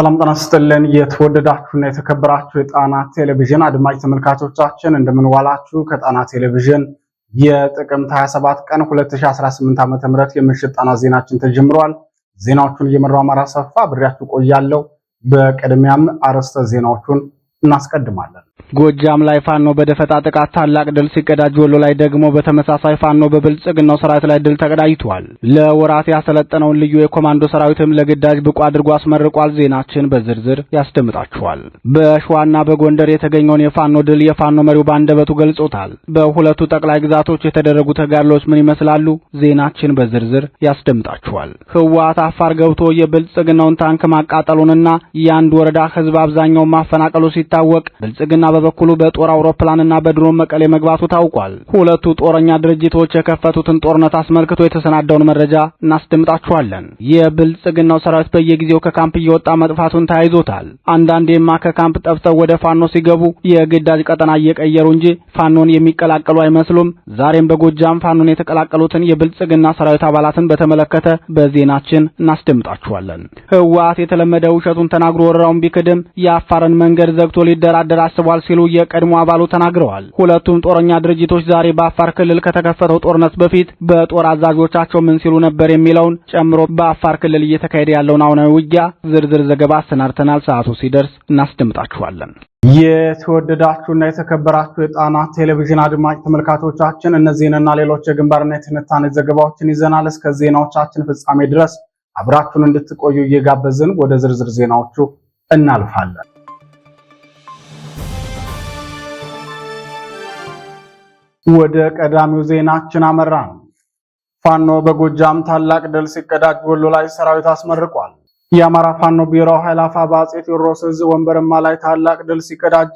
ሰላም ጤና ይስጥልን። የተወደዳችሁና የተከበራችሁ የጣና ቴሌቪዥን አድማጭ ተመልካቾቻችን እንደምንዋላችሁ። ከጣና ቴሌቪዥን የጥቅምት 27 ቀን 2018 ዓ.ም ምረት የምሽት ጣና ዜናችን ተጀምሯል። ዜናዎቹን እየመራው አማራ ሰፋ ብሬያችሁ ቆያለሁ። በቅድሚያም አርዕስተ ዜናዎቹን እናስቀድማለን። ጎጃም ላይ ፋኖ በደፈጣ ጥቃት ታላቅ ድል ሲቀዳጅ ወሎ ላይ ደግሞ በተመሳሳይ ፋኖ በብልጽግናው ሰራዊት ላይ ድል ተቀዳጅቷል። ለወራት ያሰለጠነውን ልዩ የኮማንዶ ሰራዊትም ለግዳጅ ብቁ አድርጎ አስመርቋል። ዜናችን በዝርዝር ያስደምጣችኋል። በሸዋና በጎንደር የተገኘውን የፋኖ ድል የፋኖ መሪው ባንደበቱ ገልጾታል። በሁለቱ ጠቅላይ ግዛቶች የተደረጉ ተጋድሎች ምን ይመስላሉ? ዜናችን በዝርዝር ያስደምጣችኋል። ህወሓት አፋር ገብቶ የብልጽግናውን ታንክ ማቃጠሉንና የአንድ ወረዳ ህዝብ አብዛኛውን ማፈናቀሉ ሲታወቅ ብልጽግና በበኩሉ በጦር አውሮፕላንና በድሮን መቀሌ መግባቱ ታውቋል። ሁለቱ ጦረኛ ድርጅቶች የከፈቱትን ጦርነት አስመልክቶ የተሰናዳውን መረጃ እናስደምጣችኋለን። የብልጽግናው ሰራዊት በየጊዜው ከካምፕ እየወጣ መጥፋቱን ተያይዞታል። አንዳንዴማ ከካምፕ ጠፍተው ወደ ፋኖ ሲገቡ የግዳጅ ቀጠና እየቀየሩ እንጂ ፋኖን የሚቀላቀሉ አይመስሉም። ዛሬም በጎጃም ፋኖን የተቀላቀሉትን የብልጽግና ሰራዊት አባላትን በተመለከተ በዜናችን እናስደምጣችኋለን። ህወሓት የተለመደ ውሸቱን ተናግሮ ወረራውን ቢክድም የአፋርን መንገድ ዘግቶ ሊደራደር አስቧል ተደርጓል ሲሉ የቀድሞ አባሉ ተናግረዋል። ሁለቱም ጦረኛ ድርጅቶች ዛሬ በአፋር ክልል ከተከፈተው ጦርነት በፊት በጦር አዛዦቻቸው ምን ሲሉ ነበር የሚለውን ጨምሮ በአፋር ክልል እየተካሄደ ያለውን አሁናዊ ውጊያ ዝርዝር ዘገባ አሰናድተናል። ሰዓቱ ሲደርስ እናስደምጣችኋለን። የተወደዳችሁና የተከበራችሁ የጣና ቴሌቪዥን አድማጭ ተመልካቾቻችን እነዚህንና ሌሎች የግንባርና የትንታኔ ዘገባዎችን ይዘናል። እስከ ዜናዎቻችን ፍጻሜ ድረስ አብራችሁን እንድትቆዩ እየጋበዝን ወደ ዝርዝር ዜናዎቹ እናልፋለን። ወደ ቀዳሚው ዜናችን አመራን። ፋኖ በጎጃም ታላቅ ድል ሲቀዳጅ ወሎ ላይ ሰራዊት አስመርቋል። የአማራ ፋኖ ቢሮ ኃይላፋ በአጼ ቴዎድሮስ እዝ ወንበርማ ላይ ታላቅ ድል ሲቀዳጅ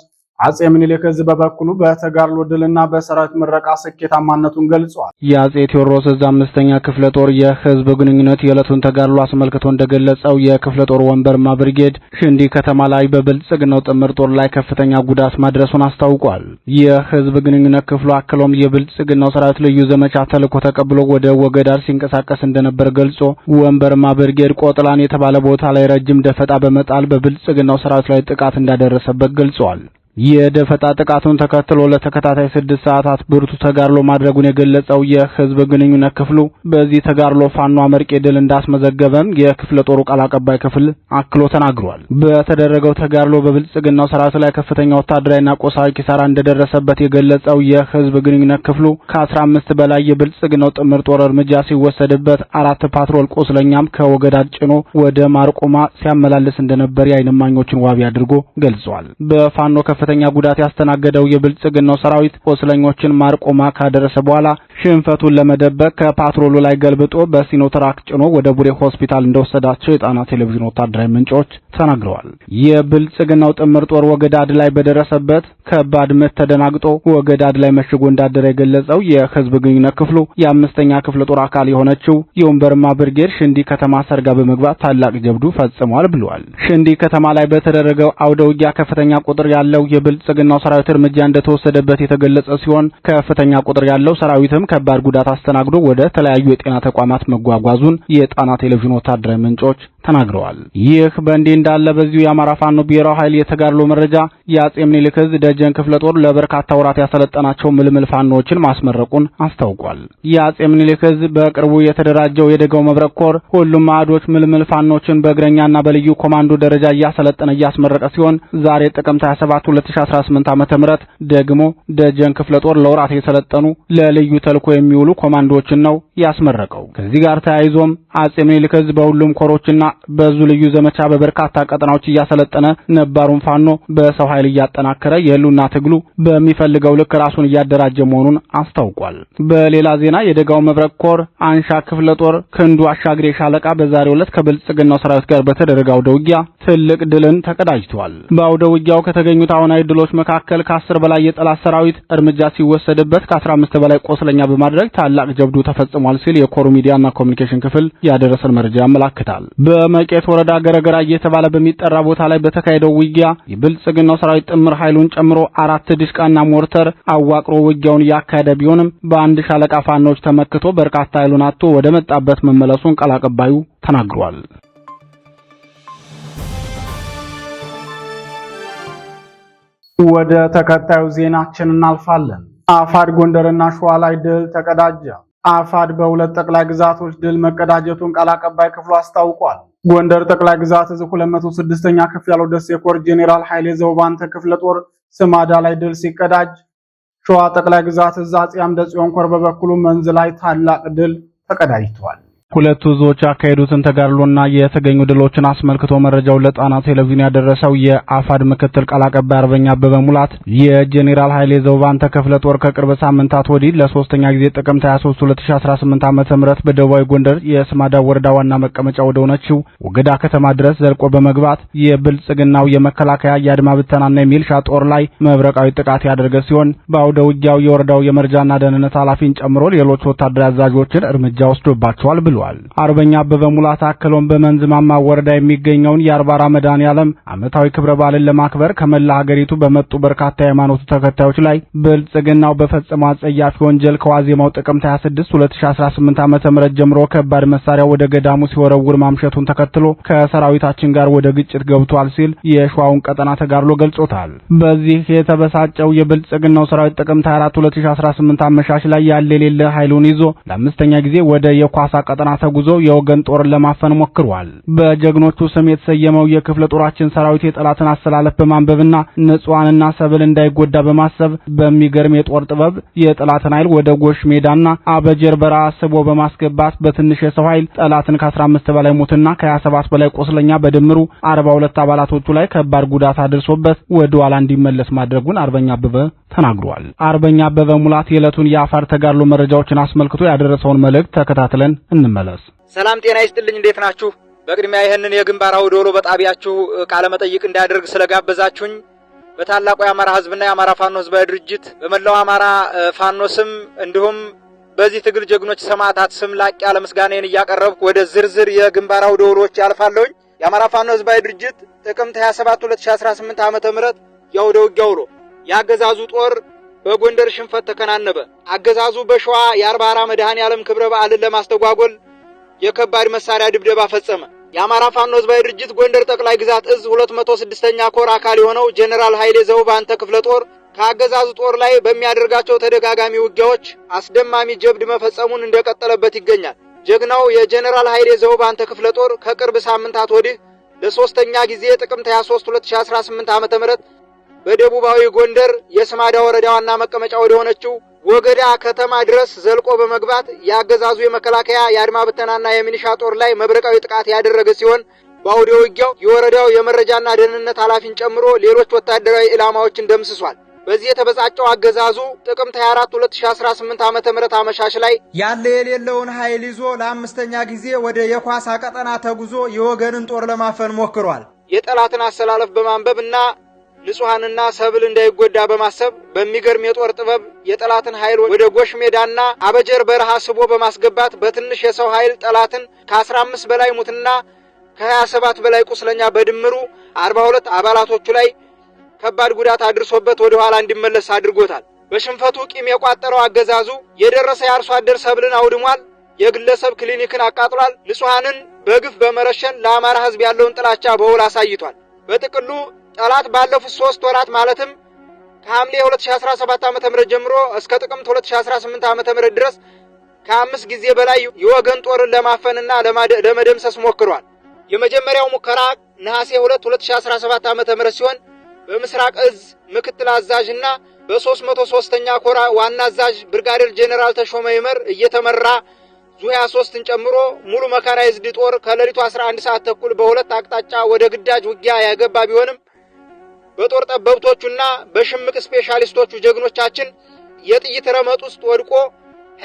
አጼ ምኒልክ ዕዝ በበኩሉ በተጋድሎ ድልና በሰራዊት ምረቃ ስኬታማነቱን ገልጿል። የአጼ ቴዎድሮስ ዕዝ አምስተኛ ክፍለ ጦር የህዝብ ግንኙነት የዕለቱን ተጋድሎ አስመልክቶ እንደገለጸው የክፍለ ጦር ወንበርማ ብርጌድ ሽንዲ ከተማ ላይ በብልጽግናው ጥምር ጦር ላይ ከፍተኛ ጉዳት ማድረሱን አስታውቋል። የህዝብ ግንኙነት ክፍሉ አክሎም የብልጽግናው ሰራዊት ልዩ ዘመቻ ተልዕኮ ተቀብሎ ወደ ወገዳር ሲንቀሳቀስ እንደነበር ገልጾ ወንበርማ ብርጌድ ቆጥላን የተባለ ቦታ ላይ ረጅም ደፈጣ በመጣል በብልጽግናው ሰራዊት ላይ ጥቃት እንዳደረሰበት ገልጿል። የደፈጣ ጥቃቱን ተከትሎ ለተከታታይ ስድስት ሰዓታት ብርቱ ተጋድሎ ማድረጉን የገለጸው የህዝብ ግንኙነት ክፍሉ በዚህ ተጋድሎ ፋኖ አመርቂ ድል እንዳስመዘገበም የክፍለ ጦሩ ቃል አቀባይ ክፍል አክሎ ተናግሯል። በተደረገው ተጋድሎ በብልጽግናው ሰራዊት ላይ ከፍተኛ ወታደራዊና ቁሳዊ ኪሳራ እንደደረሰበት የገለጸው የህዝብ ግንኙነት ክፍሉ ከ15 በላይ የብልጽግናው ጥምር ጦር እርምጃ ሲወሰድበት፣ አራት ፓትሮል ቁስለኛም ከወገዳድ ጭኖ ወደ ማርቆማ ሲያመላልስ እንደነበር የአይንማኞችን ዋቢ አድርጎ ገልጿል። በፋኖ ከፍ ከፍተኛ ጉዳት ያስተናገደው የብልጽግናው ሰራዊት ቆስለኞችን ማርቆማ ካደረሰ በኋላ ሽንፈቱን ለመደበቅ ከፓትሮሉ ላይ ገልብጦ በሲኖትራክ ጭኖ ወደ ቡሬ ሆስፒታል እንደወሰዳቸው የጣና ቴሌቪዥን ወታደራዊ ምንጮች ተናግረዋል። የብልጽግናው ጥምር ጦር ወገዳድ ላይ በደረሰበት ከባድ ምት ተደናግጦ ወገዳድ ላይ መሽጎ እንዳደረ የገለጸው የህዝብ ግንኙነት ክፍሉ የአምስተኛ ክፍለ ጦር አካል የሆነችው የወንበርማ ብርጌድ ሽንዲ ከተማ ሰርጋ በመግባት ታላቅ ጀብዱ ፈጽሟል ብለዋል። ሽንዲ ከተማ ላይ በተደረገው አውደ ውጊያ ከፍተኛ ቁጥር ያለው የብልጽግናው ሰራዊት እርምጃ እንደተወሰደበት የተገለጸ ሲሆን ከፍተኛ ቁጥር ያለው ሰራዊትም ከባድ ጉዳት አስተናግዶ ወደ ተለያዩ የጤና ተቋማት መጓጓዙን የጣና ቴሌቪዥን ወታደራዊ ምንጮች ተናግረዋል። ይህ በእንዲህ እንዳለ በዚሁ የአማራ ፋኖ ብሔራዊ ኃይል የተጋድሎ መረጃ የአጼ ምኒልክ ደጀን ክፍለ ጦር ለበርካታ ወራት ያሰለጠናቸው ምልምል ፋኖዎችን ማስመረቁን አስታውቋል። የአጼ ምኒልክ በቅርቡ የተደራጀው የደጋው መብረቅ ኮር ሁሉም ማዕዶች ምልምል ፋኖችን በእግረኛና በልዩ ኮማንዶ ደረጃ እያሰለጠነ እያስመረቀ ሲሆን ዛሬ ጥቅምት 27 2018 ዓ.ም ደግሞ ደጀን ክፍለ ጦር ለወራት የሰለጠኑ ለልዩ ተልኮ የሚውሉ ኮማንዶዎችን ነው ያስመረቀው። ከዚህ ጋር ተያይዞም አጼ ምኒልክ ህዝብ በሁሉም ኮሮችና በዙ ልዩ ዘመቻ በበርካታ ቀጠናዎች እያሰለጠነ ነባሩን ፋኖ በሰው ኃይል እያጠናከረ የህሉና ትግሉ በሚፈልገው ልክ ራሱን እያደራጀ መሆኑን አስታውቋል። በሌላ ዜና የደጋው መብረቅ ኮር አንሻ ክፍለ ጦር ክንዱ አሻግሬ ሻለቃ በዛሬው ዕለት ከብልጽግናው ሰራዊት ጋር በተደረገ አውደ ውጊያ ትልቅ ድልን ተቀዳጅቷል። በአውደ ውጊያው ከተገኙት አሁናዊ ድሎች መካከል ከአስር በላይ የጠላት ሰራዊት እርምጃ ሲወሰድበት ከአስራ አምስት በላይ ቆስለኛ በማድረግ ታላቅ ጀብዱ ተፈጽሟል ሲል የኮሩ ሚዲያና ኮሚኒኬሽን ክፍል ያደረሰን መረጃ ያመላክታል። በመቄት ወረዳ ገረገራ እየተባለ በሚጠራ ቦታ ላይ በተካሄደው ውጊያ የብልጽግናው ሰራዊት ጥምር ኃይሉን ጨምሮ አራት ዲሽቃና ሞርተር አዋቅሮ ውጊያውን እያካሄደ ቢሆንም በአንድ ሻለቃ ፋኖች ተመክቶ በርካታ ኃይሉን አጥቶ ወደ መጣበት መመለሱን ቃል አቀባዩ ተናግሯል። ወደ ተከታዩ ዜናችን እናልፋለን። አፋድ ጎንደርና ሸዋ ላይ ድል ተቀዳጀ። አፋድ በሁለት ጠቅላይ ግዛቶች ድል መቀዳጀቱን ቃል አቀባይ ክፍሉ አስታውቋል። ጎንደር ጠቅላይ ግዛት እዝ 206ኛ ክፍል ያለው ደሴ ኮር ጄኔራል ኃይሌ ዘውባንተ ክፍለ ጦር ስማዳ ላይ ድል ሲቀዳጅ፣ ሸዋ ጠቅላይ ግዛት እዝ አጼ አምደ ጽዮን ኮር በበኩሉ መንዝ ላይ ታላቅ ድል ተቀዳጅቷል። ሁለቱ ህዝቦች ያካሄዱትን ተጋድሎና የተገኙ ድሎችን አስመልክቶ መረጃውን ለጣና ቴሌቪዥን ያደረሰው የአፋድ ምክትል ቃል አቀባይ አርበኛ አበበ ሙላት የጄኔራል ኃይሌ ዘውባንተ ክፍለ ጦር ከቅርብ ሳምንታት ወዲህ ለሶስተኛ ጊዜ ጥቅምት 23 2018 ዓ.ም በደቡባዊ ጎንደር የስማዳ ወረዳ ዋና መቀመጫ ወደ ሆነችው ወገዳ ከተማ ድረስ ዘልቆ በመግባት የብልጽግናው የመከላከያ የአድማ ብተናና የሚልሻ ጦር ላይ መብረቃዊ ጥቃት ያደረገ ሲሆን በአውደ ውጊያው የወረዳው የመረጃና ደህንነት ኃላፊን ጨምሮ ሌሎች ወታደራዊ አዛዦችን እርምጃ ወስዶባቸዋል ብሏል። ብሏል። አርበኛ አበበ ሙላት አክሎም በመንዝማማ ወረዳ የሚገኘውን የአርባራ መድኃኔ ዓለም ዓመታዊ ክብረ በዓልን ለማክበር ከመላ ሀገሪቱ በመጡ በርካታ የሃይማኖቱ ተከታዮች ላይ ብልጽግናው በፈጸመው አጸያፊ ወንጀል ከዋዜማው ጥቅምት 26 2018 ዓ.ም ጀምሮ ከባድ መሳሪያ ወደ ገዳሙ ሲወረውር ማምሸቱን ተከትሎ ከሰራዊታችን ጋር ወደ ግጭት ገብቷል ሲል የሸዋውን ቀጠና ተጋድሎ ገልጾታል። በዚህ የተበሳጨው የብልጽግናው ሰራዊት ጥቅምት 24 2018 አመሻሽ ላይ ያለ የሌለ ኃይሉን ይዞ ለአምስተኛ ጊዜ ወደ የኳሳ ቀጠና ቀጠና ተጉዞ የወገን ጦርን ለማፈን ሞክሯል። በጀግኖቹ ስም የተሰየመው የክፍለ ጦራችን ሰራዊት የጠላትን አሰላለፍ በማንበብና ንጹሐንና ሰብል እንዳይጎዳ በማሰብ በሚገርም የጦር ጥበብ የጠላትን ኃይል ወደ ጎሽ ሜዳና አበጀር በረሃ ስቦ በማስገባት በትንሽ የሰው ኃይል ጠላትን ከ15 በላይ ሞትና ከ27 በላይ ቆስለኛ በድምሩ 42 አባላቶቹ ላይ ከባድ ጉዳት አድርሶበት ወደ ኋላ እንዲመለስ ማድረጉን አርበኛ አበበ ተናግሯል። አርበኛ አበበ ሙላት የዕለቱን የአፋር ተጋድሎ መረጃዎችን አስመልክቶ ያደረሰውን መልእክት ተከታትለን እንመ እንመለስ። ሰላም ጤና ይስጥልኝ። እንዴት ናችሁ? በቅድሚያ ይህንን የግንባር አውደሎ በጣቢያችሁ ቃለመጠይቅ እንዳያደርግ ስለጋበዛችሁኝ በታላቁ የአማራ ህዝብና የአማራ ፋኖ ህዝባዊ ድርጅት በመላው አማራ ፋኖ ስም እንዲሁም በዚህ ትግል ጀግኖች ሰማዕታት ስም ላቅ ያለ ምስጋናዬን እያቀረብኩ ወደ ዝርዝር የግንባር አውደ ውሎች ያልፋለሁኝ። የአማራ ፋኖ ህዝባዊ ድርጅት ጥቅምት 27 2018 ዓ ም የአውደ ውጊያ ውሎ የአገዛዙ ጦር በጎንደር ሽንፈት ተከናነበ። አገዛዙ በሸዋ የአርባራ መድኃኔ ዓለም ክብረ በዓልን ለማስተጓጎል የከባድ መሳሪያ ድብደባ ፈጸመ። የአማራ ፋኖ ህዝባዊ ድርጅት ጎንደር ጠቅላይ ግዛት እዝ 206ኛ ኮር አካል የሆነው ጄኔራል ኃይሌ አንተ ክፍለ ጦር ከአገዛዙ ጦር ላይ በሚያደርጋቸው ተደጋጋሚ ውጊያዎች አስደማሚ ጀብድ መፈጸሙን እንደቀጠለበት ይገኛል። ጀግናው የጄኔራል ኃይሌ አንተ ክፍለ ጦር ከቅርብ ሳምንታት ወዲህ ለሶስተኛ ጊዜ ጥቅምት 23 2018 ም በደቡባዊ ጎንደር የስማዳ ወረዳ ዋና መቀመጫ ወደ ሆነችው ወገዳ ከተማ ድረስ ዘልቆ በመግባት የአገዛዙ የመከላከያ የአድማ ብተናና የሚኒሻ ጦር ላይ መብረቃዊ ጥቃት ያደረገ ሲሆን በአውደ ውጊያው የወረዳው የመረጃና ደህንነት ኃላፊን ጨምሮ ሌሎች ወታደራዊ ኢላማዎችን ደምስሷል። በዚህ የተበሳጨው አገዛዙ ጥቅምት 24 2018 ም አመሻሽ ላይ ያለ የሌለውን ኃይል ይዞ ለአምስተኛ ጊዜ ወደ የኳሳ ቀጠና ተጉዞ የወገንን ጦር ለማፈን ሞክሯል። የጠላትን አሰላለፍ በማንበብ እና ንጹሐንና ሰብል እንዳይጎዳ በማሰብ በሚገርም የጦር ጥበብ የጠላትን ኃይል ወደ ጎሽ ሜዳና አበጀር በረሃ ስቦ በማስገባት በትንሽ የሰው ኃይል ጠላትን ከ15 በላይ ሙትና ከ27 በላይ ቁስለኛ በድምሩ 42 አባላቶቹ ላይ ከባድ ጉዳት አድርሶበት ወደ ኋላ እንዲመለስ አድርጎታል። በሽንፈቱ ቂም የቋጠረው አገዛዙ የደረሰ የአርሶ አደር ሰብልን አውድሟል። የግለሰብ ክሊኒክን አቃጥሏል። ንጹሐንን በግፍ በመረሸን ለአማራ ሕዝብ ያለውን ጥላቻ በውል አሳይቷል። በጥቅሉ ጠላት ባለፉት ሶስት ወራት ማለትም ከሐምሌ 2017 ም ጀምሮ እስከ ጥቅምት 2018 ዓ.ም ድረስ ከአምስት ጊዜ በላይ የወገን ጦርን ለማፈንና ለመደምሰስ ሞክሯል። የመጀመሪያው ሙከራ ነሐሴ 2 2017 ዓ.ም ሲሆን በምስራቅ እዝ ምክትል አዛዥና በ303ኛ ኮራ ዋና አዛዥ ብርጋዴር ጄኔራል ተሾመ ይመር እየተመራ ዙያ 3ን ጨምሮ ሙሉ መካናይዝድ ጦር ከሌሊቱ 11 ሰዓት ተኩል በሁለት አቅጣጫ ወደ ግዳጅ ውጊያ ያገባ ቢሆንም በጦር ጠበብቶቹና በሽምቅ ስፔሻሊስቶቹ ጀግኖቻችን የጥይት ረመጥ ውስጥ ወድቆ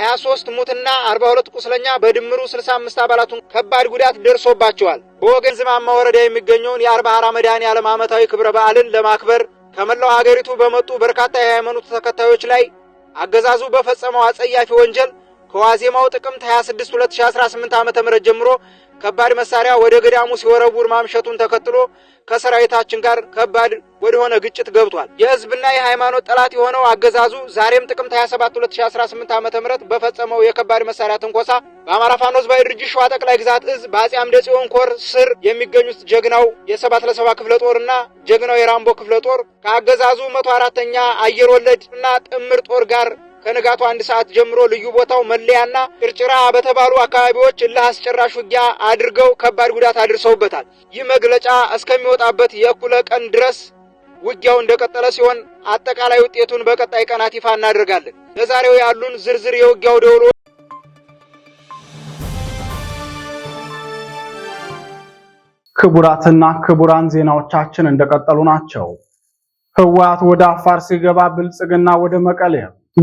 23 ሙትና 42 ቁስለኛ በድምሩ 65 አባላቱን ከባድ ጉዳት ደርሶባቸዋል። በወገን ዝማማ ወረዳ የሚገኘውን የአርባሃራ መድኃኔዓለም ዓመታዊ ክብረ በዓልን ለማክበር ከመላው ሀገሪቱ በመጡ በርካታ የሃይማኖት ተከታዮች ላይ አገዛዙ በፈጸመው አጸያፊ ወንጀል ከዋዜማው ጥቅምት 26 2018 ም ጀምሮ ከባድ መሳሪያ ወደ ገዳሙ ሲወረውር ማምሸቱን ተከትሎ ከሰራዊታችን ጋር ከባድ ወደሆነ ግጭት ገብቷል። የህዝብና የሃይማኖት ጠላት የሆነው አገዛዙ ዛሬም ጥቅምት 27 2018 ዓ ም በፈጸመው የከባድ መሳሪያ ትንኮሳ በአማራ ፋኖ ህዝባዊ ድርጅት ሸዋ ጠቅላይ ግዛት እዝ በአጼ አምደ ጽዮን ኮር ስር የሚገኙት ጀግናው የሰባት ለሰባ ክፍለ እና ጀግናው የራምቦ ክፍለ ጦር ከአገዛዙ መቶ አራተኛ አየር ወለድ እና ጥምር ጦር ጋር ከንጋቱ አንድ ሰዓት ጀምሮ ልዩ ቦታው መለያና ጭርጭራ በተባሉ አካባቢዎች እልህ አስጨራሽ ውጊያ አድርገው ከባድ ጉዳት አድርሰውበታል። ይህ መግለጫ እስከሚወጣበት የእኩለ ቀን ድረስ ውጊያው እንደቀጠለ ሲሆን አጠቃላይ ውጤቱን በቀጣይ ቀናት ይፋ እናደርጋለን። ለዛሬው ያሉን ዝርዝር የውጊያው ደውሎ ክቡራትና ክቡራን ዜናዎቻችን እንደቀጠሉ ናቸው። ህወሓት ወደ አፋር ሲገባ ብልጽግና ወደ መቀሌ።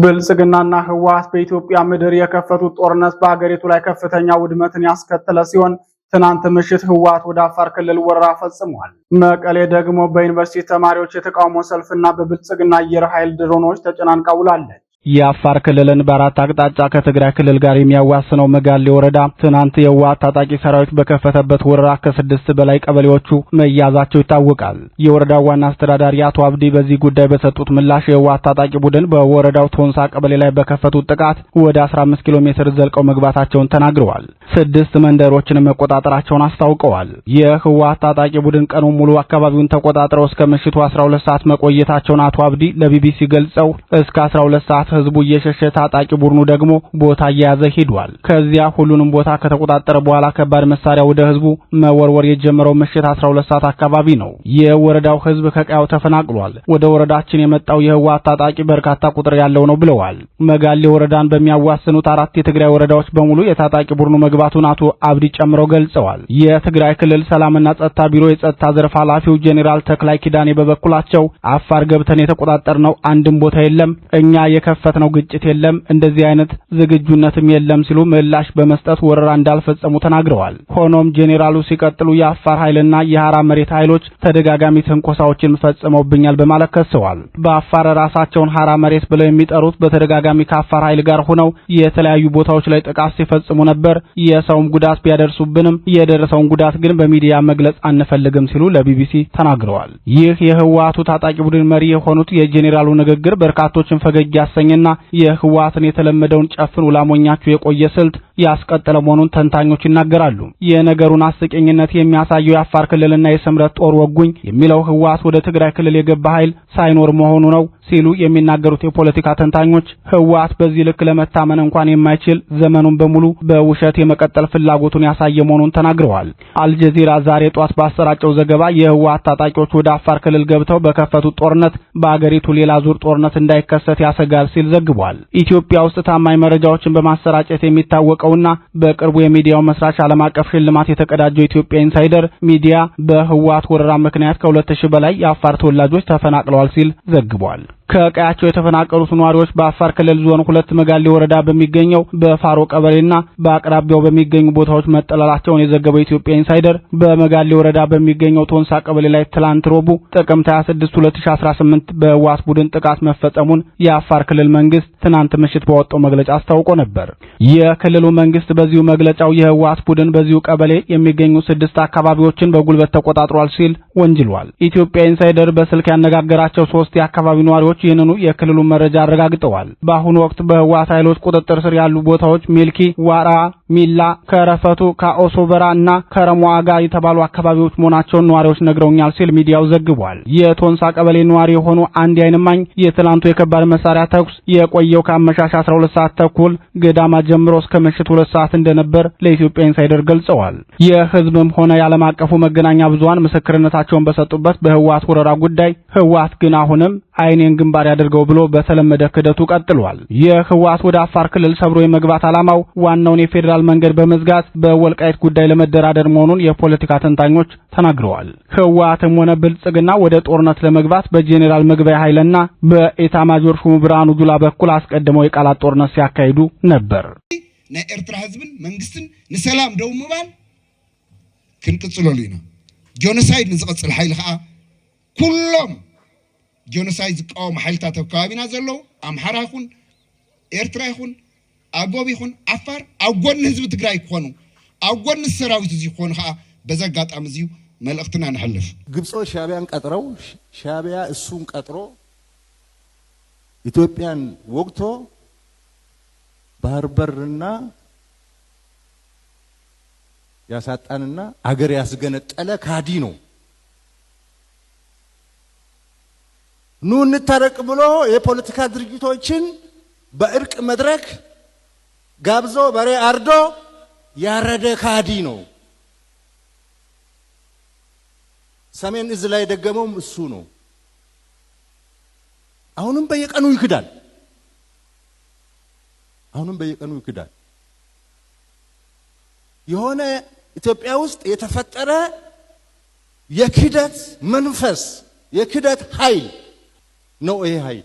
ብልጽግናና ህወሓት በኢትዮጵያ ምድር የከፈቱት ጦርነት በሀገሪቱ ላይ ከፍተኛ ውድመትን ያስከተለ ሲሆን ትናንት ምሽት ህወሓት ወደ አፋር ክልል ወረራ ፈጽሟል። መቀሌ ደግሞ በዩኒቨርሲቲ ተማሪዎች የተቃውሞ ሰልፍና በብልጽግና አየር ኃይል ድሮኖች ተጨናንቃ ውላለች። የአፋር ክልልን በአራት አቅጣጫ ከትግራይ ክልል ጋር የሚያዋስነው መጋሌ ወረዳ ትናንት የህወሓት ታጣቂ ሰራዊት በከፈተበት ወረራ ከስድስት በላይ ቀበሌዎቹ መያዛቸው ይታወቃል። የወረዳው ዋና አስተዳዳሪ አቶ አብዲ በዚህ ጉዳይ በሰጡት ምላሽ የህወሓት ታጣቂ ቡድን በወረዳው ቶንሳ ቀበሌ ላይ በከፈቱት ጥቃት ወደ 15 ኪሎ ሜትር ዘልቀው መግባታቸውን ተናግረዋል። ስድስት መንደሮችን መቆጣጠራቸውን አስታውቀዋል። የህወሓት ታጣቂ ቡድን ቀኑ ሙሉ አካባቢውን ተቆጣጥረው እስከ ምሽቱ 12 ሰዓት መቆየታቸውን አቶ አብዲ ለቢቢሲ ገልጸው እስከ 12 ሰዓት ህዝቡ እየሸሸ ታጣቂ ቡድኑ ደግሞ ቦታ እየያዘ ሂዷል። ከዚያ ሁሉንም ቦታ ከተቆጣጠረ በኋላ ከባድ መሳሪያ ወደ ህዝቡ መወርወር የጀመረው ምሽት 12 ሰዓት አካባቢ ነው። የወረዳው ህዝብ ከቀያው ተፈናቅሏል። ወደ ወረዳችን የመጣው የህወሓት ታጣቂ በርካታ ቁጥር ያለው ነው ብለዋል። መጋሌ ወረዳን በሚያዋስኑት አራት የትግራይ ወረዳዎች በሙሉ የታጣቂ ቡድኑ መግባቱን አቶ አብዲ ጨምረው ገልጸዋል። የትግራይ ክልል ሰላምና ጸጥታ ቢሮ የጸጥታ ዘርፍ ኃላፊው ጄኔራል ተክላይ ኪዳኔ በበኩላቸው አፋር ገብተን የተቆጣጠርነው አንድም ቦታ የለም እኛ የከፍ የከፈትነው ግጭት የለም፣ እንደዚህ አይነት ዝግጁነትም የለም ሲሉ ምላሽ በመስጠት ወረራ እንዳልፈጸሙ ተናግረዋል። ሆኖም ጄኔራሉ ሲቀጥሉ የአፋር ኃይልና የሐራ መሬት ኃይሎች ተደጋጋሚ ትንኮሳዎችን ፈጽመውብኛል በማለት ከሰዋል። በአፋር ራሳቸውን ሐራ መሬት ብለው የሚጠሩት በተደጋጋሚ ከአፋር ኃይል ጋር ሆነው የተለያዩ ቦታዎች ላይ ጥቃት ሲፈጽሙ ነበር። የሰውም ጉዳት ቢያደርሱብንም የደረሰውን ጉዳት ግን በሚዲያ መግለጽ አንፈልግም ሲሉ ለቢቢሲ ተናግረዋል። ይህ የህወሓቱ ታጣቂ ቡድን መሪ የሆኑት የጄኔራሉ ንግግር በርካቶችን ፈገግ ያሰኝ አሳዛኝና የህወሓትን የተለመደውን ጨፍን ውላሞኛችሁ የቆየ ስልት ያስቀጠለ መሆኑን ተንታኞች ይናገራሉ። የነገሩን አስቂኝነት የሚያሳየው የአፋር ክልልና የስምረት ጦር ወጉኝ የሚለው ህወሓት ወደ ትግራይ ክልል የገባ ኃይል ሳይኖር መሆኑ ነው ሲሉ የሚናገሩት የፖለቲካ ተንታኞች ህወሓት በዚህ ልክ ለመታመን እንኳን የማይችል ዘመኑን በሙሉ በውሸት የመቀጠል ፍላጎቱን ያሳየ መሆኑን ተናግረዋል። አልጀዚራ ዛሬ ጧት ባሰራጨው ዘገባ የህወሓት ታጣቂዎች ወደ አፋር ክልል ገብተው በከፈቱት ጦርነት በአገሪቱ ሌላ ዙር ጦርነት እንዳይከሰት ያሰጋል ሲል ዘግቧል። ኢትዮጵያ ውስጥ ታማኝ መረጃዎችን በማሰራጨት የሚታወቀውና በቅርቡ የሚዲያው መስራች ዓለም አቀፍ ሽልማት የተቀዳጀው ኢትዮጵያ ኢንሳይደር ሚዲያ በህወሓት ወረራ ምክንያት ከ2000 በላይ የአፋር ተወላጆች ተፈናቅለዋል ሲል ዘግቧል። ከቀያቸው የተፈናቀሉት ነዋሪዎች በአፋር ክልል ዞን ሁለት መጋሌ ወረዳ በሚገኘው በፋሮ ቀበሌና በአቅራቢያው በሚገኙ ቦታዎች መጠለላቸውን የዘገበው ኢትዮጵያ ኢንሳይደር በመጋሌ ወረዳ በሚገኘው ቶንሳ ቀበሌ ላይ ትላንት ረቡዕ ጥቅምት 26 2018 በዋስ ቡድን ጥቃት መፈጸሙን የአፋር ክልል መንግስት ትናንት ምሽት ባወጣው መግለጫ አስታውቆ ነበር። የክልሉ መንግስት በዚሁ መግለጫው የዋስ ቡድን በዚሁ ቀበሌ የሚገኙ ስድስት አካባቢዎችን በጉልበት ተቆጣጥሯል ሲል ወንጅሏል። ኢትዮጵያ ኢንሳይደር በስልክ ያነጋገራቸው ሶስት የአካባቢ ነዋሪዎች ምንጮች ይህንኑ የክልሉን መረጃ አረጋግጠዋል። በአሁኑ ወቅት በህወሓት ኃይሎች ቁጥጥር ስር ያሉ ቦታዎች ሚልኪ፣ ዋራ፣ ሚላ፣ ከረፈቱ፣ ከኦሶበራ እና ከረሟጋ የተባሉ አካባቢዎች መሆናቸውን ነዋሪዎች ነግረውኛል ሲል ሚዲያው ዘግቧል። የቶንሳ ቀበሌ ነዋሪ የሆኑ አንድ አይንማኝ የትላንቱ የከባድ መሳሪያ ተኩስ የቆየው ከአመሻሽ 12 ሰዓት ተኩል ገዳማ ጀምሮ እስከ ምሽት ሁለት ሰዓት እንደነበር ለኢትዮጵያ ኢንሳይደር ገልጸዋል። የህዝብም ሆነ የዓለም አቀፉ መገናኛ ብዙሃን ምስክርነታቸውን በሰጡበት በህወሓት ወረራ ጉዳይ ህወሓት ግን አሁንም አይኔን ግንባር ያድርገው ብሎ በተለመደ ክደቱ ቀጥሏል። የህወሓት ወደ አፋር ክልል ሰብሮ የመግባት ዓላማው ዋናውን የፌዴራል መንገድ በመዝጋት በወልቃይት ጉዳይ ለመደራደር መሆኑን የፖለቲካ ተንታኞች ተናግረዋል። ህወሓትም ሆነ ብልጽግና ወደ ጦርነት ለመግባት በጄኔራል መግቢያ ኃይለና በኤታማጆር ሹሙ ብርሃኑ ጁላ በኩል አስቀድመው የቃላት ጦርነት ሲያካሂዱ ነበር። ኤርትራ ህዝብን መንግስትን ንሰላም ደው ምባል ክንቅጽለሉ ኢና ጆኖሳይድ ንዝቐጽል ሓይሊ ከዓ ኩሎም ጆኖሳይድ ዝቃወሙ ሓይልታት ኣብ ከባቢና ዘለዉ ኣምሓራ ይኹን ኤርትራ ይኹን ኣጎብ ይኹን ዓፋር ኣብ ጎኒ ህዝቢ ትግራይ ክኾኑ ኣብ ጎኒ ሰራዊት እዚ ክኾኑ ከዓ በዛ ኣጋጣሚ እዚዩ መልእኽትና ንሕልፍ ግብፆች ሻዕብያን ቀጥረው ሻዕብያ እሱን ቀጥሮ ኢትዮጵያን ወግቶ ባህር በርና ያሳጣንና አገር ያስገነጠለ ካዲ ነው። ኑ እንታረቅ ብሎ የፖለቲካ ድርጅቶችን በእርቅ መድረክ ጋብዞ በሬ አርዶ ያረደ ካዲ ነው። ሰሜን እዝ ላይ ደገመውም እሱ ነው። አሁንም በየቀኑ ይክዳል። አሁንም በየቀኑ ይክዳል። የሆነ ኢትዮጵያ ውስጥ የተፈጠረ የክደት መንፈስ የክደት ኃይል ነው ይሄ ኃይል።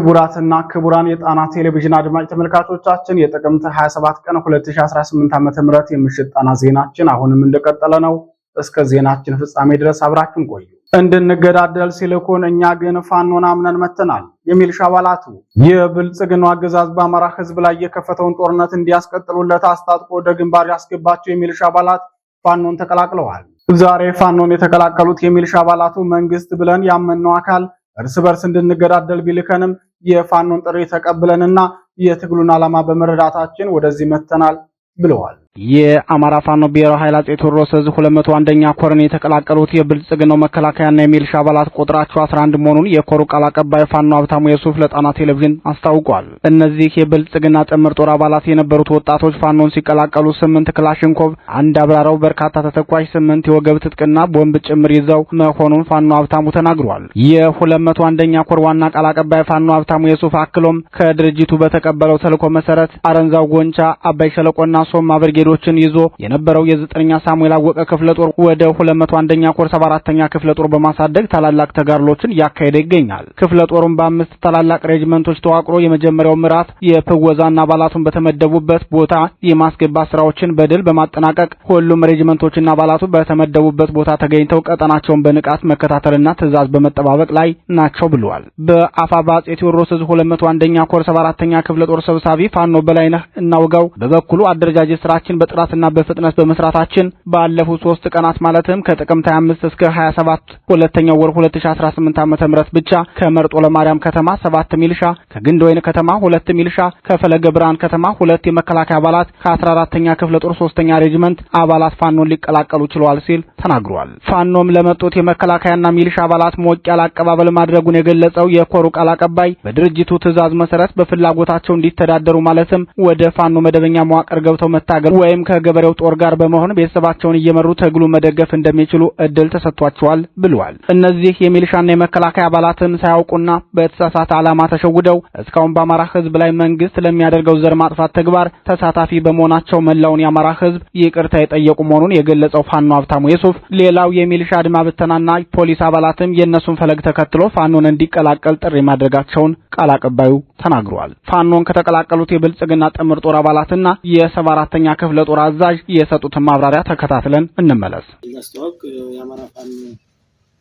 ክቡራትና ክቡራን የጣና ቴሌቪዥን አድማጭ ተመልካቾቻችን የጥቅምት 27 ቀን 2018 ዓ.ም የምሽት ጣና ዜናችን አሁንም እንደቀጠለ ነው። እስከ ዜናችን ፍጻሜ ድረስ አብራችን ቆዩ። እንድንገዳደል ሲልኩን እኛ ግን ፋኖን አምነን መተናል የሚልሻ አባላቱ የብልጽግናው አገዛዝ በአማራ ህዝብ ላይ የከፈተውን ጦርነት እንዲያስቀጥሉለት አስታጥቆ ወደ ግንባር ያስገባቸው የሚልሻ አባላት ፋኖን ተቀላቅለዋል። ዛሬ ፋኖን የተቀላቀሉት የሚልሻ አባላቱ መንግስት ብለን ያመነው አካል እርስ በርስ እንድንገዳደል ቢልከንም የፋኖን ጥሪ ተቀብለንና የትግሉን ዓላማ በመረዳታችን ወደዚህ መጥተናል ብለዋል። የአማራ ፋኖ ብሔራዊ ኃይል አጼ ቴዎድሮስ እዝ ሁለት መቶ አንደኛ ኮርን የተቀላቀሉት የብልጽግናው መከላከያና የሚልሻ አባላት ቁጥራቸው 11 መሆኑን የኮሩ ቃል አቀባይ ፋኖ ሀብታሙ የሱፍ ለጣና ቴሌቪዥን አስታውቋል። እነዚህ የብልጽግና ጥምር ጦር አባላት የነበሩት ወጣቶች ፋኖን ሲቀላቀሉ ስምንት ክላሽንኮቭ፣ አንድ አብራራው፣ በርካታ ተተኳሽ፣ ስምንት የወገብ ትጥቅና ቦምብ ጭምር ይዘው መሆኑን ፋኖ ሀብታሙ ተናግሯል። የሁለት መቶ አንደኛ ኮር ዋና ቃል አቀባይ ፋኖ ሀብታሙ የሱፍ አክሎም ከድርጅቱ በተቀበለው ተልኮ መሰረት አረንዛው ጎንቻ፣ አባይ ሸለቆና ሶማ ብርጌ ብርጌዶችን ይዞ የነበረው የዘጠነኛ ሳሙኤል አወቀ ክፍለ ጦር ወደ 201ኛ ኮር 74ኛ ክፍለ ጦር በማሳደግ ታላላቅ ተጋድሎችን እያካሄደ ይገኛል። ክፍለ ጦሩም በአምስት ታላላቅ ሬጅመንቶች ተዋቅሮ የመጀመሪያው ምዕራፍ የፕወዛና አባላቱን በተመደቡበት ቦታ የማስገባት ስራዎችን በድል በማጠናቀቅ ሁሉም ሬጅመንቶችና አባላቱ በተመደቡበት ቦታ ተገኝተው ቀጠናቸውን በንቃት መከታተልና ትዕዛዝ በመጠባበቅ ላይ ናቸው ብለዋል። በአፋባ አፄ ቴዎድሮስ እዝ 201ኛ ኮር 74ኛ ክፍለ ጦር ሰብሳቢ ፋኖ በላይነህ እናውጋው በበኩሉ አደረጃጀት ስራችን ስራዎችን በጥራትና በፍጥነት በመስራታችን ባለፉት ሶስት ቀናት ማለትም ከጥቅምት 25 እስከ 27 ሁለተኛው ወር 2018 ዓ.ም ብቻ ከመርጦ ለማርያም ከተማ 7 ሚልሻ፣ ከግንድ ወይን ከተማ 2 ሚልሻ፣ ከፈለገ ብርሃን ከተማ 2 የመከላከያ አባላት ከ14ኛ ክፍለ ጦር 3 ሬጅመንት አባላት ፋኖን ሊቀላቀሉ ችለዋል ሲል ተናግሯል። ፋኖም ለመጡት የመከላከያና ሚልሻ አባላት ሞቅ ያለ አቀባበል ማድረጉን የገለጸው የኮሩ ቃል አቀባይ በድርጅቱ ትዕዛዝ መሰረት በፍላጎታቸው እንዲተዳደሩ ማለትም ወደ ፋኖ መደበኛ መዋቅር ገብተው መታገል ወይም ከገበሬው ጦር ጋር በመሆን ቤተሰባቸውን እየመሩ ትግሉ መደገፍ እንደሚችሉ እድል ተሰጥቷቸዋል ብለዋል። እነዚህ የሚሊሻና የመከላከያ አባላትም ሳያውቁና በተሳሳተ ዓላማ ተሸውደው እስካሁን በአማራ ሕዝብ ላይ መንግስት ለሚያደርገው ዘር ማጥፋት ተግባር ተሳታፊ በመሆናቸው መላውን የአማራ ሕዝብ ይቅርታ የጠየቁ መሆኑን የገለጸው ፋኖ ሀብታሙ የሱፍ ሌላው የሚሊሻ አድማ ብተናና ፖሊስ አባላትም የእነሱን ፈለግ ተከትሎ ፋኖን እንዲቀላቀል ጥሪ ማድረጋቸውን ቃል አቀባዩ ተናግረዋል። ፋኖን ከተቀላቀሉት የብልጽግና ጥምር ጦር አባላትና የሰባ አራተኛ ክፍል ክፍለ ጦር አዛዥ የሰጡትን ማብራሪያ ተከታትለን እንመለስ። ስተወቅ የአማራ ፋኖ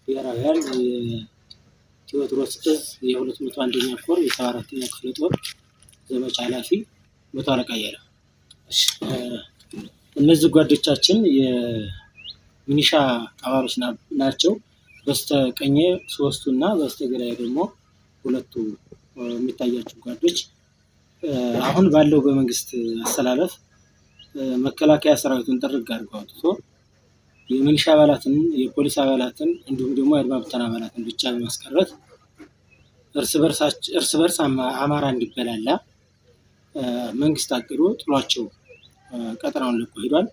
ብሔራዊ ኃይል የቴዎድሮስ እዝ የሁለት መቶ አንደኛ ኮር የሰባ አራተኛ ክፍለ ጦር ዘመቻ ኃላፊ መቶ አለቃ እያለ እነዚህ ጓዶቻችን የሚኒሻ አባሎች ናቸው። በስተቀኝ ሶስቱ እና በስተግራ ደግሞ ሁለቱ የሚታያቸው ጓዶች አሁን ባለው በመንግስት አሰላለፍ መከላከያ ሰራዊቱን ጥርግ አድርጎ አውጥቶ የሚሊሻ አባላትን፣ የፖሊስ አባላትን እንዲሁም ደግሞ የአድማ ብተና አባላትን ብቻ በማስቀረት እርስ በርስ አማራ እንዲበላላ መንግስት አቅዶ ጥሏቸው ቀጠናውን ለቆ ሄዷል።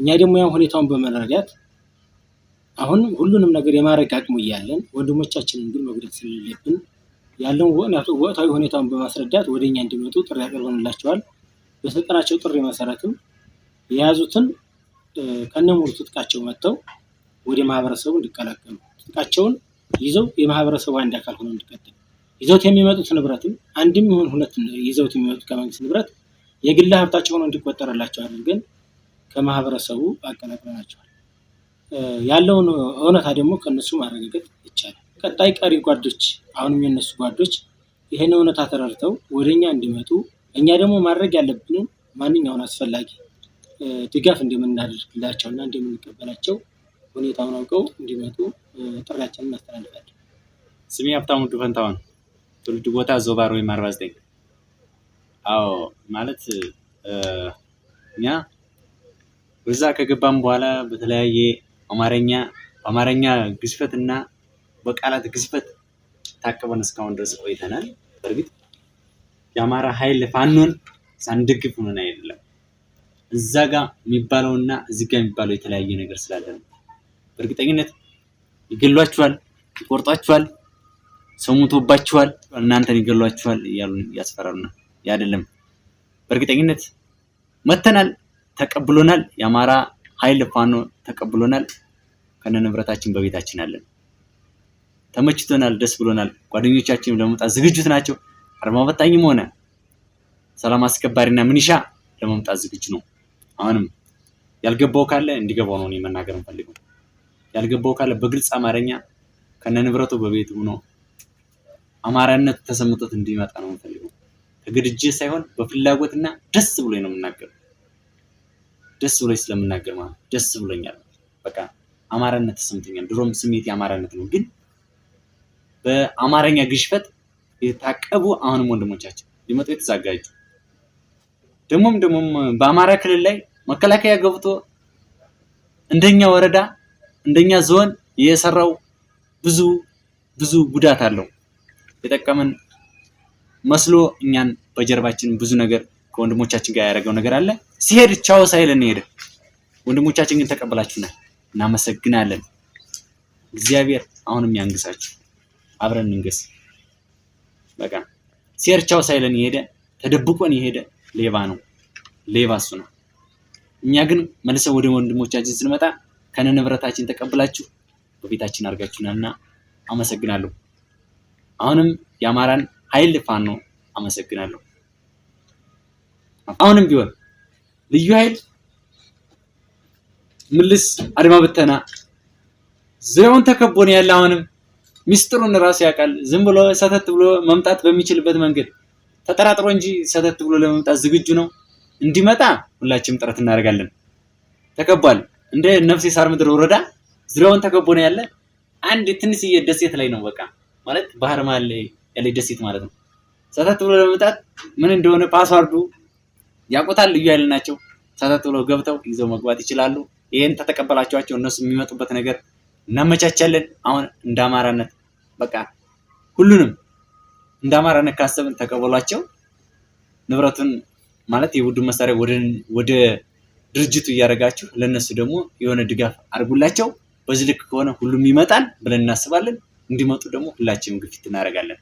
እኛ ደግሞ ያው ሁኔታውን በመረዳት አሁን ሁሉንም ነገር የማድረግ አቅሙ እያለን ወንድሞቻችንን ግን መጉደት ስለሌለብን ያለውን ወቅታዊ ሁኔታውን በማስረዳት ወደኛ እንዲመጡ ጥሪ አቅርበንላቸዋል። በሰጠናቸው ጥሪ መሰረትም የያዙትን ከነሙሉ ትጥቃቸው መጥተው ወደ ማህበረሰቡ እንዲቀላቀሉ ትጥቃቸውን ይዘው የማህበረሰቡ አንድ አካል ሆኖ እንዲቀጥል ይዘውት የሚመጡት ንብረትም አንድም ይሁን ሁለት ይዘውት የሚመጡት ከመንግስት ንብረት የግል ሀብታቸው ሆኖ እንዲቆጠርላቸው አድርገን ከማህበረሰቡ አቀላቅለናቸዋል። ያለውን እውነታ ደግሞ ከነሱ ማረጋገጥ ይቻላል። ቀጣይ ቀሪ ጓዶች አሁንም የነሱ ጓዶች ይህን እውነታ ተረድተው ወደኛ እንዲመጡ እኛ ደግሞ ማድረግ ያለብን ማንኛውን አስፈላጊ ድጋፍ እንደምናደርግላቸው እና እንደምንቀበላቸው ሁኔታውን አውቀው እንዲመጡ ጥሪያችንን እናስተላልፋለን። ስሜ ሀብታሙ ዱፈንታዋን ትውልድ ቦታ ዞባር ወይም አርባ ዘጠኝ አዎ ማለት እኛ በዛ ከገባም በኋላ በተለያየ አማርኛ በአማርኛ ግዝፈት እና በቃላት ግዝፈት ታቅበን እስካሁን ድረስ ቆይተናል በእርግጥ የአማራ ኃይል ፋኖን ሳንደግፍ ሆነን አይደለም። እዛ ጋ የሚባለውና እዚህ ጋ የሚባለው የተለያየ ነገር ስላለ ነው። በእርግጠኝነት ይገሏችኋል፣ ይቆርጧችኋል፣ ሰው ሞቶባችኋል፣ እናንተን ይገሏችኋል እያሉ እያስፈራሩና ያደለም በእርግጠኝነት መተናል፣ ተቀብሎናል። የአማራ ኃይል ፋኖ ተቀብሎናል። ከነ ንብረታችን በቤታችን አለን። ተመችቶናል፣ ደስ ብሎናል። ጓደኞቻችን ለመውጣት ዝግጁት ናቸው። አድማ በታኝም ሆነ ሰላም አስከባሪና ምንሻ ለመምጣት ዝግጁ ነው። አሁንም ያልገባው ካለ እንዲገባው ነው እኔ መናገር እንፈልገው። ያልገባው ካለ በግልጽ አማርኛ ከነ ንብረቱ በቤት ሆኖ አማራነት ተሰምቶት እንዲመጣ ነው የምፈልገው። ከግድጅ ሳይሆን በፍላጎትና ደስ ብሎ ነው የምናገረው። ደስ ብሎ ስለምናገር ማለት ደስ ብሎኛል። በቃ አማራነት ተሰምቶኛል። ድሮም ስሜት የአማራነት ነው፣ ግን በአማርኛ ግሽፈት የታቀቡ አሁንም ወንድሞቻችን ሊመጡ የተዘጋጁ ደግሞም ደግሞም በአማራ ክልል ላይ መከላከያ ገብቶ እንደኛ ወረዳ እንደኛ ዞን የሰራው ብዙ ብዙ ጉዳት አለው። የጠቀመን መስሎ እኛን በጀርባችን ብዙ ነገር ከወንድሞቻችን ጋር ያደረገው ነገር አለ። ሲሄድ ቻው ሳይለን ሄደ። ወንድሞቻችን ግን ተቀበላችሁናል፣ እናመሰግናለን። እግዚአብሔር አሁንም ያንግሳችሁ። አብረን እንገስ። በቃ ሴርቻው ሳይለን የሄደ ተደብቆን የሄደ ሌባ ነው። ሌባ እሱ ነው። እኛ ግን መልሰው ወደ ወንድሞቻችን ስንመጣ ንብረታችን ተቀብላችሁ በቤታችን አድርጋችሁናልና አመሰግናለሁ። አሁንም የአማራን ኃይል ፋኖ አመሰግናለሁ። አሁንም ቢሆን ልዩ ኃይል ምልስ አድማ ብተና ዙሪያውን ተከቦን ያለ አሁንም ሚስጥሩን ራሱ ያውቃል። ዝም ብሎ ሰተት ብሎ መምጣት በሚችልበት መንገድ ተጠራጥሮ እንጂ ሰተት ብሎ ለመምጣት ዝግጁ ነው። እንዲመጣ ሁላችንም ጥረት እናደርጋለን። ተከቧል። እንደ ነፍሴ ሳር ምድር ወረዳ ዙሪያውን ተከቦ ነው ያለ። አንድ ትንሽዬ ደሴት ላይ ነው በቃ ማለት ባህር መሀል ያለ ደሴት ማለት ነው። ሰተት ብሎ ለመምጣት ምን እንደሆነ ፓስዋርዱ ያውቁታል። ልዩ ኃይል ናቸው። ሰተት ብሎ ገብተው ይዘው መግባት ይችላሉ። ይህን ተተቀበላችኋቸው እነሱ የሚመጡበት ነገር እናመቻቻለን። አሁን እንደ አማራነት በቃ ሁሉንም እንደ አማራነት ካሰብን ተቀበሏቸው። ንብረቱን ማለት የቡድን መሳሪያ ወደ ድርጅቱ እያደረጋችሁ ለእነሱ ደግሞ የሆነ ድጋፍ አድርጉላቸው። በዚህ ልክ ከሆነ ሁሉም ይመጣል ብለን እናስባለን። እንዲመጡ ደግሞ ሁላችንም ግፊት እናደርጋለን።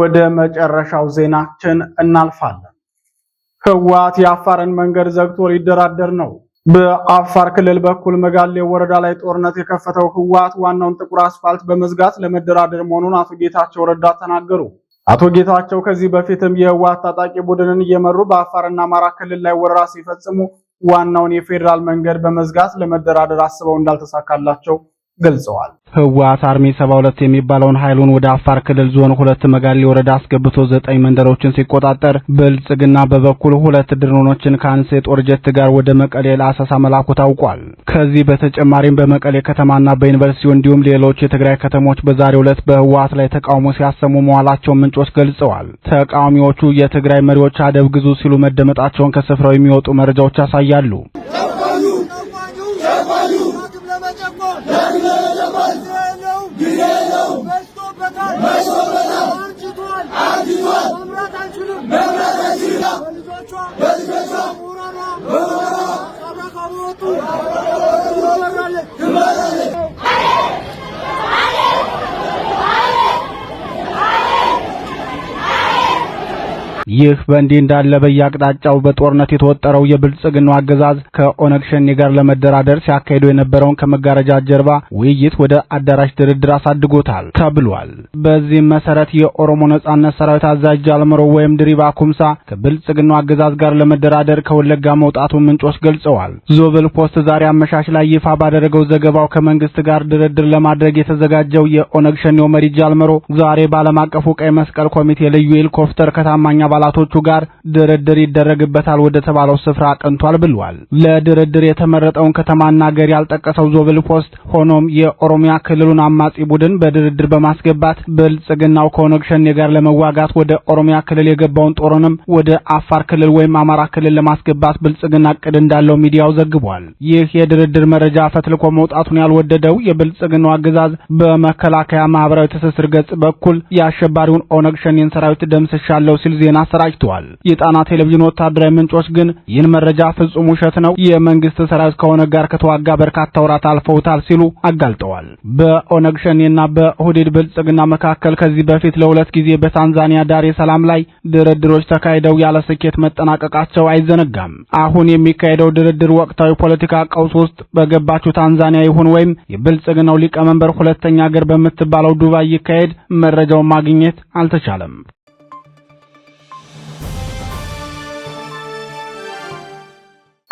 ወደ መጨረሻው ዜናችን እናልፋለን። ህወሓት የአፋርን መንገድ ዘግቶ ሊደራደር ነው። በአፋር ክልል በኩል መጋሌ ወረዳ ላይ ጦርነት የከፈተው ህወሓት ዋናውን ጥቁር አስፋልት በመዝጋት ለመደራደር መሆኑን አቶ ጌታቸው ረዳ ተናገሩ። አቶ ጌታቸው ከዚህ በፊትም የህወሓት ታጣቂ ቡድንን እየመሩ በአፋርና አማራ ክልል ላይ ወረራ ሲፈጽሙ ዋናውን የፌዴራል መንገድ በመዝጋት ለመደራደር አስበው እንዳልተሳካላቸው ገልጸዋል። ህወሓት አርሚ 72 የሚባለውን ኃይሉን ወደ አፋር ክልል ዞን ሁለት መጋሌ ወረዳ አስገብቶ ዘጠኝ መንደሮችን ሲቆጣጠር፣ ብልጽግና በበኩል ሁለት ድሮኖችን ከአንስ የጦር ጀት ጋር ወደ መቀሌ ለአሰሳ መላኩ ታውቋል። ከዚህ በተጨማሪም በመቀሌ ከተማና በዩኒቨርሲቲው እንዲሁም ሌሎች የትግራይ ከተሞች በዛሬው ዕለት በህወሓት ላይ ተቃውሞ ሲያሰሙ መዋላቸውን ምንጮች ገልጸዋል። ተቃዋሚዎቹ የትግራይ መሪዎች አደብ ግዙ ሲሉ መደመጣቸውን ከስፍራው የሚወጡ መረጃዎች ያሳያሉ። በልጆቿ ይህ በእንዲህ እንዳለ በየአቅጣጫው በጦርነት የተወጠረው የብልጽግናው አገዛዝ ከኦነግ ሸኔ ጋር ለመደራደር ሲያካሂዱ የነበረውን ከመጋረጃ ጀርባ ውይይት ወደ አዳራሽ ድርድር አሳድጎታል ተብሏል። በዚህም መሰረት የኦሮሞ ነጻነት ሰራዊት አዛዥ ጃልመሮ ወይም ድሪባ ኩምሳ ከብልጽግናው አገዛዝ ጋር ለመደራደር ከወለጋ መውጣቱ ምንጮች ገልጸዋል። ዞብል ፖስት ዛሬ አመሻሽ ላይ ይፋ ባደረገው ዘገባው ከመንግስት ጋር ድርድር ለማድረግ የተዘጋጀው የኦነግ ሸኔው መሪ ጃልመሮ ዛሬ ባለም አቀፉ ቀይ መስቀል ኮሚቴ ልዩ ሄሊኮፕተር ከታማኝ አባላት ከአባላቶቹ ጋር ድርድር ይደረግበታል ወደ ተባለው ስፍራ አቅንቷል ብሏል። ለድርድር የተመረጠውን ከተማና ገር ያልጠቀሰው ዞብል ፖስት ሆኖም የኦሮሚያ ክልሉን አማጺ ቡድን በድርድር በማስገባት ብልጽግናው ከኦነግ ሸኔ ጋር ለመዋጋት ወደ ኦሮሚያ ክልል የገባውን ጦርንም ወደ አፋር ክልል ወይም አማራ ክልል ለማስገባት ብልጽግና እቅድ እንዳለው ሚዲያው ዘግቧል። ይህ የድርድር መረጃ ፈትልኮ መውጣቱን ያልወደደው የብልጽግናው አገዛዝ በመከላከያ ማህበራዊ ትስስር ገጽ በኩል የአሸባሪውን ኦነግ ሸኔን ሰራዊት ደምስሻለሁ ሲል ዜና አሰራጭተዋል። የጣና ቴሌቪዥን ወታደራዊ ምንጮች ግን ይህን መረጃ ፍጹም ውሸት ነው፣ የመንግስት ሰራዊት ከኦነግ ጋር ከተዋጋ በርካታ ወራት አልፈውታል ሲሉ አጋልጠዋል። በኦነግ ሸኔና በሁዴድ ብልጽግና መካከል ከዚህ በፊት ለሁለት ጊዜ በታንዛኒያ ዳሬ ሰላም ላይ ድርድሮች ተካሂደው ያለ ስኬት መጠናቀቃቸው አይዘነጋም። አሁን የሚካሄደው ድርድር ወቅታዊ ፖለቲካ ቀውስ ውስጥ በገባችው ታንዛኒያ ይሁን ወይም የብልጽግናው ሊቀመንበር ሁለተኛ አገር በምትባለው ዱባይ ይካሄድ መረጃውን ማግኘት አልተቻለም።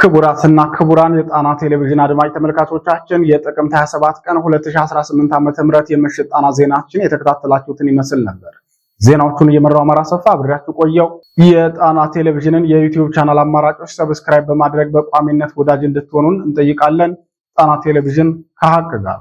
ክቡራትና ክቡራን የጣና ቴሌቪዥን አድማጭ ተመልካቾቻችን የጥቅምት 27 ቀን 2018 ዓ.ም የምሽት ጣና ዜናችን የተከታተላችሁትን ይመስል ነበር። ዜናዎቹን እየመራው አማራ ሰፋ አብሬያችሁ ቆየው። የጣና ቴሌቪዥንን የዩቲዩብ ቻናል አማራጮች ሰብስክራይብ በማድረግ በቋሚነት ወዳጅ እንድትሆኑን እንጠይቃለን። ጣና ቴሌቪዥን ከሀቅ ጋር